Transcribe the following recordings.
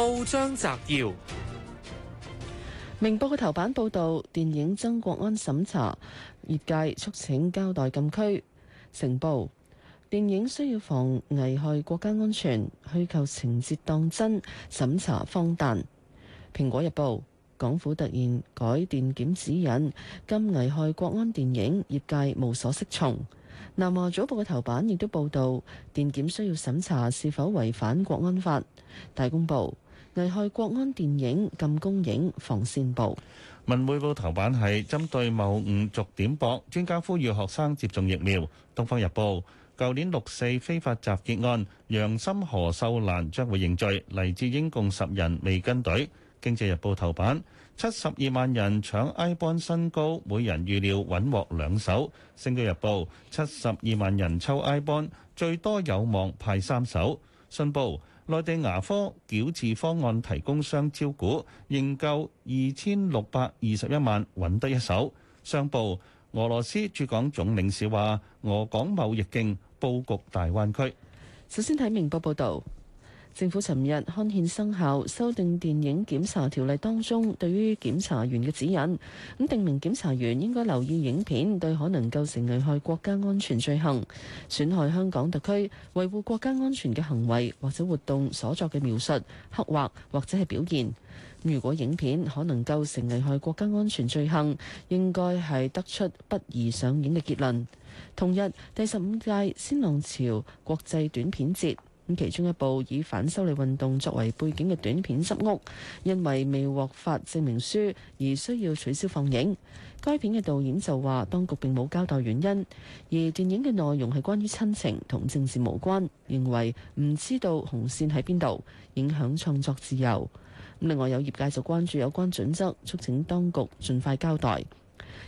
報章摘要：明報嘅頭版報道電影增國安審查，業界促請交代禁區。成報電影需要防危害國家安全，虛構情節當真審查，荒誕。蘋果日報港府突然改電檢指引，禁危害國安電影，業界無所適從。南華早報嘅頭版亦都報道電檢需要審查是否違反國安法。大公報危害國安，電影禁公映，防線報。文匯報頭版係針對謬誤逐點駁，專家呼籲學生接種疫苗。《東方日報》舊年六四非法集結案，楊森、何秀蘭將會認罪。黎智英共十人未跟隊。《經濟日報》頭版七十二萬人搶 I Bond，新高，每人預料穩獲兩手。」《星島日報》七十二萬人抽 I Bond，最多有望派三手。《信報》內地牙科矯治方案提供商招股，認購二千六百二十一萬，穩得一手。商報，俄羅斯駐港總領事話，俄港貿易勁，布局大灣區。首先睇明報報道。政府尋日刊憲生效修訂電影檢查條例當中，對於檢查員嘅指引，咁訂明檢查員應該留意影片對可能構成危害國家安全罪行、損害香港特區、維護國家安全嘅行為或者活動所作嘅描述、刻畫或者係表現。如果影片可能構成危害國家安全罪行，應該係得出不宜上映嘅結論。同日第十五屆鮮浪潮國際短片節。其中一部以反修例運動作為背景嘅短片《執屋》，因為未獲發證明書而需要取消放映。該片嘅導演就話，當局並冇交代原因，而電影嘅內容係關於親情同政治無關，認為唔知道紅線喺邊度，影響創作自由。另外有業界就關注有關準則，促請當局盡快交代。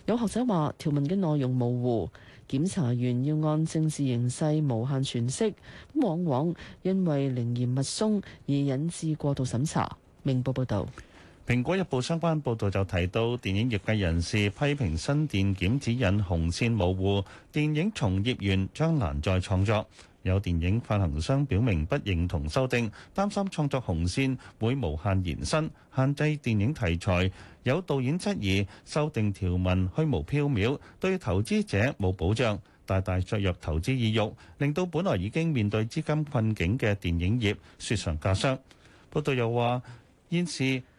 有學者話，條文嘅內容模糊。檢查員要按政治形勢無限詮釋，往往因為寧嚴勿鬆而引致過度審查。明報報道，蘋果日報相關報道就提到，電影業界人士批評新電檢指引紅線模糊，電影從業員將難再創作。有電影發行商表明不認同修訂，擔心創作紅線會無限延伸，限制電影題材。有導演質疑修訂條文虛無飄渺，對投資者冇保障，大大削弱投資意欲，令到本來已經面對資金困境嘅電影業雪上加霜。報道又話，現時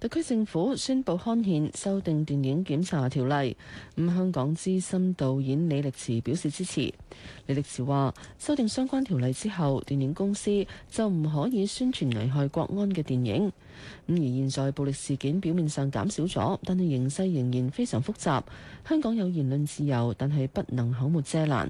特區政府宣布刊憲修訂電影檢查條例，咁香港資深導演李力持表示支持。李力持話：修訂相關條例之後，電影公司就唔可以宣傳危害國安嘅電影。咁而現在暴力事件表面上減少咗，但係形勢仍然非常複雜。香港有言論自由，但係不能口無遮攔。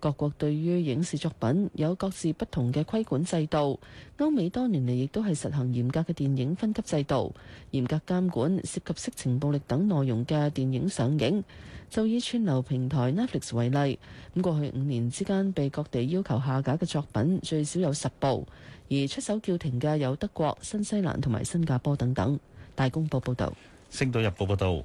各國對於影視作品有各自不同嘅規管制度，歐美多年嚟，亦都係實行嚴格嘅電影分級制度，嚴格監管涉及色情、暴力等內容嘅電影上映。就以串流平台 Netflix 為例，咁過去五年之間被各地要求下架嘅作品最少有十部，而出手叫停嘅有德國、新西蘭同埋新加坡等等。大公報報道，星島日報報道。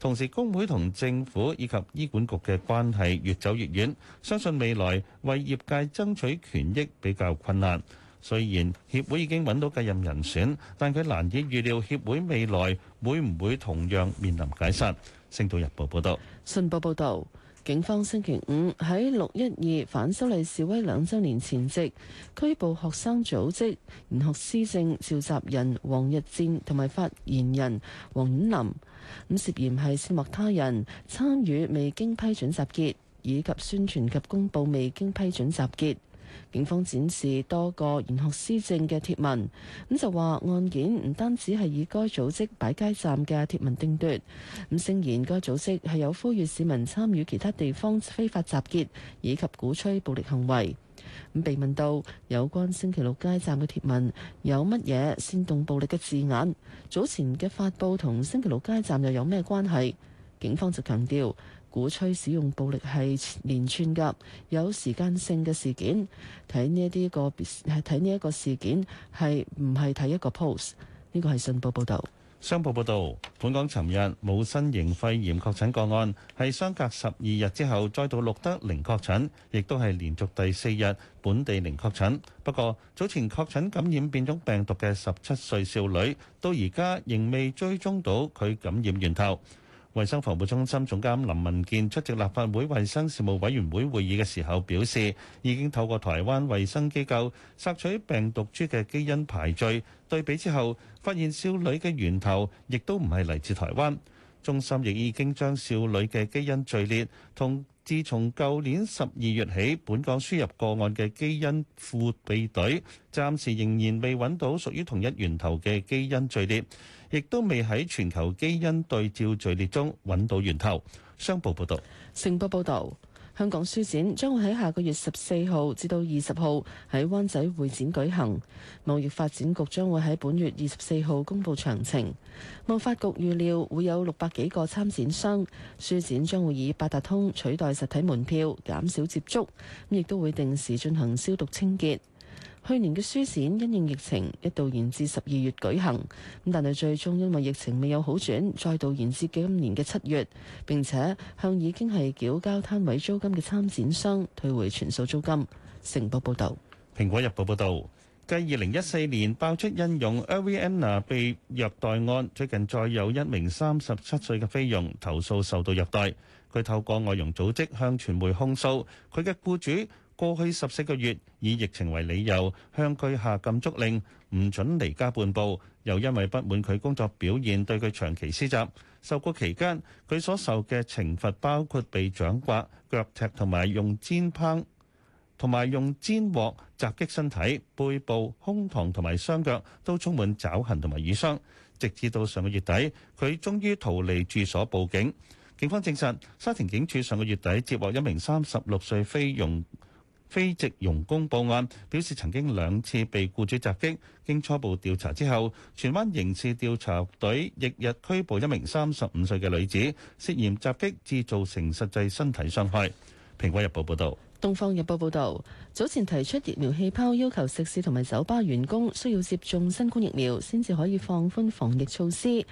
同時，工會同政府以及醫管局嘅關係越走越遠，相信未來為業界爭取權益比較困難。雖然協會已經揾到繼任人選，但佢難以預料協會未來會唔會同樣面臨解散。星島日報報道。信報報道。警方星期五喺六一二反修例示威兩周年前夕拘捕學生組織，賢學思政召集人王逸戰同埋發言人黃沅琳，咁涉嫌係煽惑他人參與未經批准集結以及宣傳及公布未經批准集結。警方展示多個研學施政嘅貼文，咁就話案件唔單止係以該組織擺街站嘅貼文定奪，咁聲言該組織係有呼籲市民參與其他地方非法集結，以及鼓吹暴力行為。咁被問到有關星期六街站嘅貼文有乜嘢煽動暴力嘅字眼，早前嘅發佈同星期六街站又有咩關係？警方就強調。鼓吹使用暴力係連串㗎，有時間性嘅事件，睇呢一啲個，係睇呢一個事件係唔係睇一個 post？呢個係信報報導，商報報導，本港尋日冇新型肺炎確診個案，係相隔十二日之後再度錄得零確診，亦都係連續第四日本地零確診。不過早前確診感染變種病毒嘅十七歲少女，到而家仍未追蹤到佢感染源頭。衛生防護中心總監林文健出席立法會衛生事務委員會會議嘅時候表示，已經透過台灣衛生機構索取病毒株嘅基因排序，對比之後，發現少女嘅源頭亦都唔係嚟自台灣。中心亦已經將少女嘅基因序列同自從舊年十二月起本港輸入個案嘅基因庫比對，暫時仍然未揾到屬於同一源頭嘅基因序列。亦都未喺全球基因對照序列中揾到源頭。商報報道。成報報道，香港書展將會喺下個月十四號至到二十號喺灣仔會展舉行。貿易發展局將會喺本月二十四號公佈詳情。貿發局預料會有六百幾個參展商。書展將會以八達通取代實體門票，減少接觸。亦都會定時進行消毒清潔。去年嘅書展因應疫情一度延至十二月舉行，咁但係最終因為疫情未有好轉，再度延至今年嘅七月。並且向已經係繳交攤位租金嘅參展商退回全數租金。成報報導，《蘋果日報》報道，繼二零一四年爆出印傭 Erwiana 被虐待案，最近再有一名三十七歲嘅菲傭投訴受到虐待。佢透過外傭組織向傳媒控訴，佢嘅僱主，過去十四個月，以疫情為理由向佢下禁足令，唔准離家半步。又因為不滿佢工作表現，對佢長期施襲。受僱期間，佢所受嘅懲罰包括被掌摑、腳踢，同埋用尖棒同埋用煎鑊襲擊身體、背部、胸膛同埋雙腳，都充滿爪痕同埋瘀傷。直至到上個月底，佢終於逃離住所報警。警方證實，沙田警署上個月底接獲一名三十六歲菲傭。非籍傭工報案，表示曾經兩次被僱主襲擊。經初步調查之後，荃灣刑事調查隊翌日，日拘捕一名三十五歲嘅女子，涉嫌襲擊至造成實際身體傷害。蘋果日報報道，東方日報報道，早前提出疫苗氣泡，要求食肆同埋酒吧員工需要接種新冠疫苗先至可以放寬防疫措施。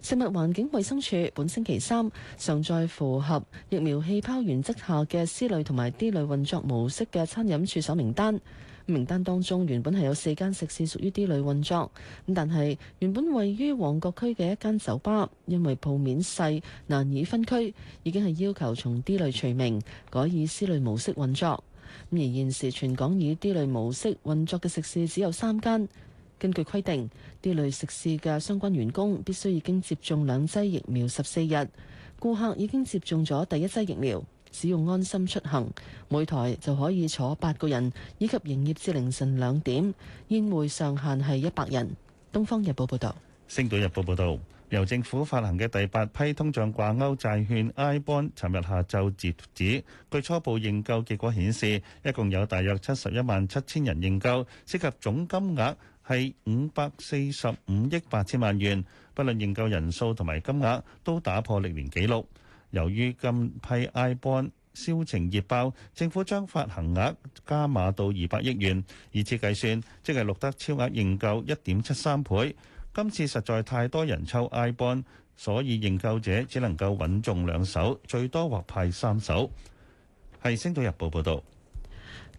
食物環境衞生署本星期三常在符合疫苗氣泡原則下嘅 C 類同埋 D 類運作模式嘅餐飲處所名單，名單當中原本係有四間食肆屬於 D 類運作，但係原本位於旺角區嘅一間酒吧，因為鋪面細難以分區，已經係要求從 D 類除名，改以 C 類模式運作。而現時全港以 D 類模式運作嘅食肆只有三間。根據規定，呢類食肆嘅相關員工必須已經接種兩劑疫苗十四日。顧客已經接種咗第一劑疫苗，使用安心出行，每台就可以坐八個人，以及營業至凌晨兩點。宴會上限係一百人。《東方日報》報導。《星島日報》報導，由政府發行嘅第八批通脹掛鉤債券 iBond，尋日下晝截止。據初步認購結果顯示，一共有大約七十一萬七千人認購，涉及總金額係五百四十五億八千萬元，不論認購人數同埋金額都打破歷年紀錄。由於近批 I bond 銷情熱爆，政府將發行額加碼到二百億元，以此計算，即係錄得超額認購一點七三倍。今次實在太多人抽 I bond，所以認購者只能夠揾中兩手，最多獲派三手。係《星島日報》報導。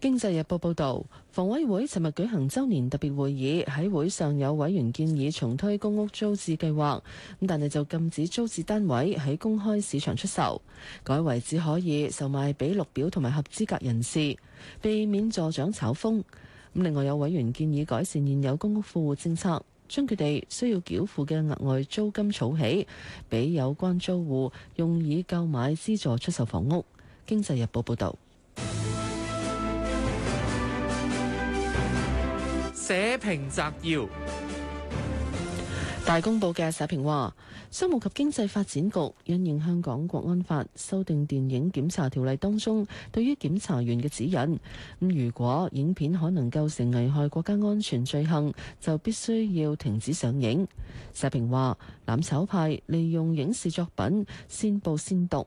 經濟日報報導，房委會尋日舉行周年特別會議，喺會上有委員建議重推公屋租置計劃，咁但係就禁止租置單位喺公開市場出售，改為只可以售賣俾綠表同埋合資格人士，避免助長炒風。咁另外有委員建議改善現有公屋富戶政策，將佢哋需要繳付嘅額外租金儲起，俾有關租戶用以購買資助出售房屋。經濟日報報導。社評摘要：大公報嘅社評話，商務及經濟發展局因應香港國安法修訂電影檢查條例當中對於檢查員嘅指引，咁如果影片可能構成危害國家安全罪行，就必須要停止上映。社評話，攬炒派利用影視作品先報先讀。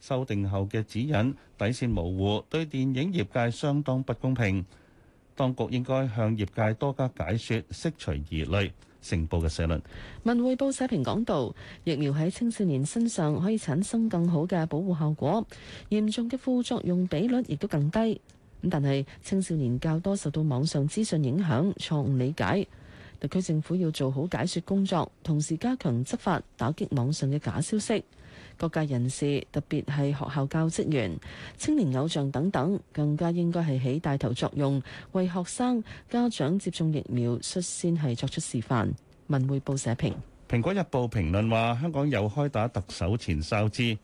修訂後嘅指引底線模糊，對電影業界相當不公平。當局應該向業界多加解説，釋除疑慮。成報嘅社論，《文匯報》社評講道：疫苗喺青少年身上可以產生更好嘅保護效果，嚴重嘅副作用比率亦都更低。咁但係青少年較多受到網上資訊影響，錯誤理解。特區政府要做好解説工作，同時加強執法，打擊網上嘅假消息。各界人士，特別係學校教職員、青年偶像等等，更加應該係起帶頭作用，為學生家長接種疫苗，率先係作出示範。文匯報社評，蘋果日報評論話：香港又開打特首前哨戰。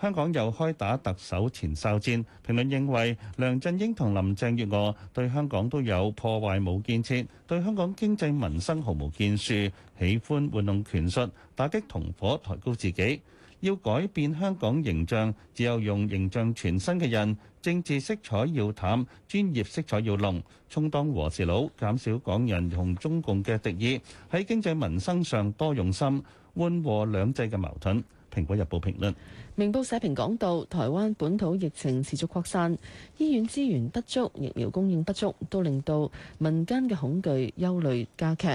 香港又開打特首前哨戰。評論認為，梁振英同林鄭月娥對香港都有破壞冇建設，對香港經濟民生毫無建樹，喜歡玩弄權術，打擊同夥，抬高自己。要改變香港形象，只有用形象全新嘅人，政治色彩要淡，專業色彩要濃，充當和事佬，減少港人同中共嘅敵意。喺經濟民生上多用心，緩和兩制嘅矛盾。《蘋果日報》評論，《明報》社評講到，台灣本土疫情持續擴散，醫院資源不足，疫苗供應不足，都令到民間嘅恐懼憂慮加劇。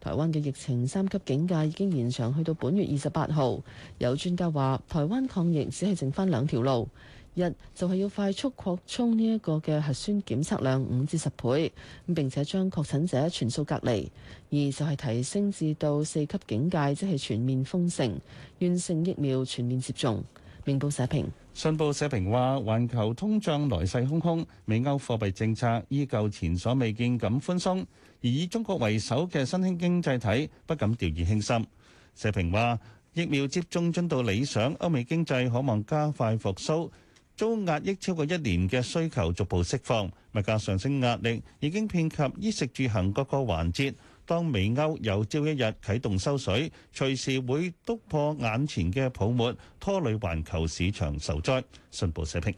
台灣嘅疫情三級警戒已經延長去到本月二十八號。有專家話，台灣抗疫只係剩返兩條路：一就係要快速擴充呢一個嘅核酸檢測量五至十倍，咁並且將確診者全數隔離；二就係提升至到四級警戒，即係全面封城，完成疫苗全面接種。明報社評。信報社評話：環球通脹來勢洶洶，美歐貨幣政策依舊前所未見咁寬鬆，而以中國為首嘅新興經濟體不敢掉以輕心。社評話：疫苗接種進度理想，歐美經濟可望加快復甦，遭壓抑超過一年嘅需求逐步釋放，物價上升壓力已經遍及衣食住行各個環節。當美歐有朝一日啟動收水，隨時會篤破眼前嘅泡沫，拖累環球市場受災。信報社評。